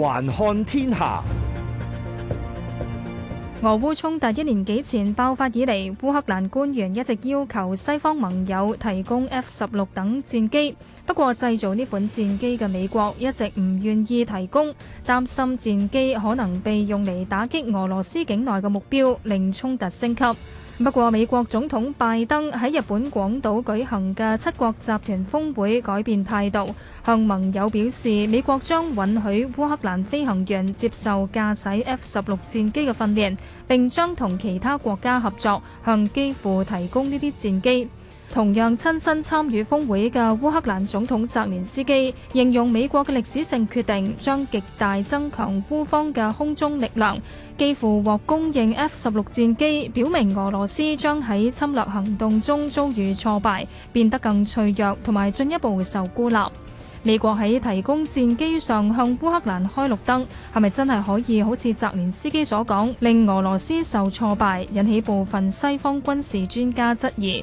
環看天下，俄烏衝突一年幾前爆發以嚟，烏克蘭官員一直要求西方盟友提供 F-16 等戰機，不過製造呢款戰機嘅美國一直唔願意提供，擔心戰機可能被用嚟打擊俄羅斯境內嘅目標，令衝突升級。不過，美國總統拜登喺日本廣島舉行嘅七國集團峰會改變態度，向盟友表示美國將允許烏克蘭飛行員接受駕駛 F 十六戰機嘅訓練，並將同其他國家合作向基輔提供呢啲戰機。同樣親身參與峰會嘅烏克蘭總統澤連斯基形容美國嘅歷史性決定將極大增強烏方嘅空中力量，幾乎獲供應 F 十六戰機，表明俄羅斯將喺侵略行動中遭遇挫敗，變得更脆弱，同埋進一步受孤立。美國喺提供戰機上向烏克蘭開綠燈，係咪真係可以好似澤連斯基所講，令俄羅斯受挫敗？引起部分西方軍事專家質疑。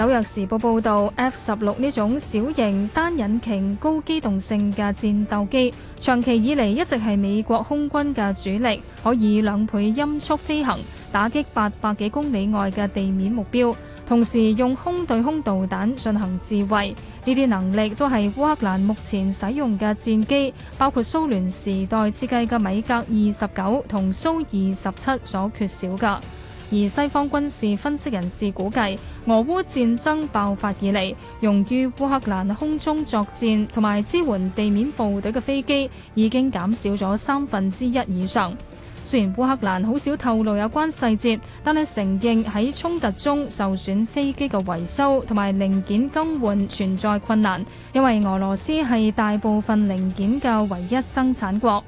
《紐約時報》報導，F-16 呢種小型單引擎高機動性嘅戰鬥機，長期以嚟一直係美國空軍嘅主力，可以兩倍音速飛行，打擊八百幾公里外嘅地面目標，同時用空對空導彈進行自衛。呢啲能力都係烏克蘭目前使用嘅戰機，包括蘇聯時代設計嘅米格二十九同蘇二十七所缺少嘅。而西方軍事分析人士估計，俄烏戰爭爆發以嚟，用於烏克蘭空中作戰同埋支援地面部隊嘅飛機已經減少咗三分之一以上。雖然烏克蘭好少透露有關細節，但係承認喺衝突中受損飛機嘅維修同埋零件更換存在困難，因為俄羅斯係大部分零件嘅唯一生產國。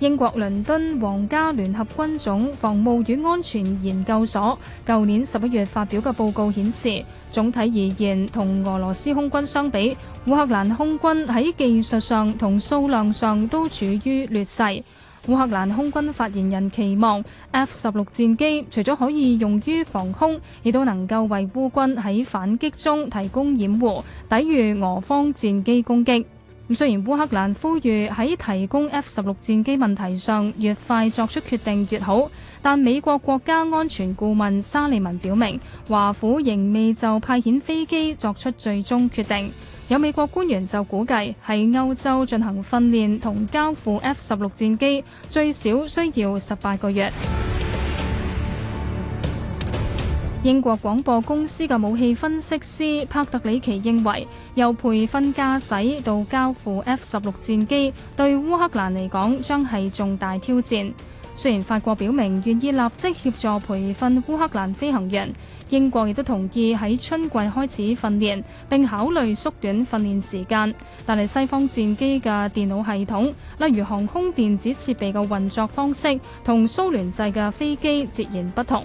英國倫敦皇家聯合軍種防務與安全研究所，舊年十一月發表嘅報告顯示，總體而言，同俄羅斯空軍相比，烏克蘭空軍喺技術上同數量上都處於劣勢。烏克蘭空軍發言人期望，F-16 戰機除咗可以用於防空，亦都能夠為烏軍喺反擊中提供掩護，抵禦俄方戰機攻擊。雖然烏克蘭呼籲喺提供 F 十六戰機問題上越快作出決定越好，但美國國家安全顧問沙利文表明，華府仍未就派遣飛機作出最終決定。有美國官員就估計，喺歐洲進行訓練同交付 F 十六戰機，最少需要十八個月。英國廣播公司嘅武器分析師帕特里奇認為，由培訓駕駛到交付 F 十六戰機，對烏克蘭嚟講將係重大挑戰。雖然法國表明願意立即協助培訓烏克蘭飛行員，英國亦都同意喺春季開始訓練，並考慮縮短訓練時間。但係西方戰機嘅電腦系統，例如航空電子設備嘅運作方式，同蘇聯製嘅飛機截然不同。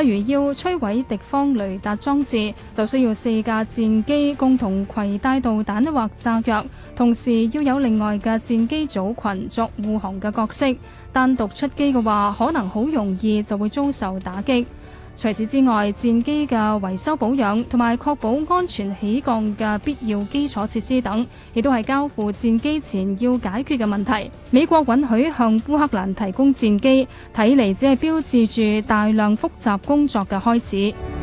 例如要摧毀敵方雷達裝置，就需要四架戰機共同攜帶導彈或炸藥，同時要有另外嘅戰機組群作護航嘅角色。單獨出機嘅話，可能好容易就會遭受打擊。除此之外，戰機嘅維修保養同埋確保安全起降嘅必要基礎設施等，亦都係交付戰機前要解決嘅問題。美國允許向烏克蘭提供戰機，睇嚟只係標誌住大量複雜工作嘅開始。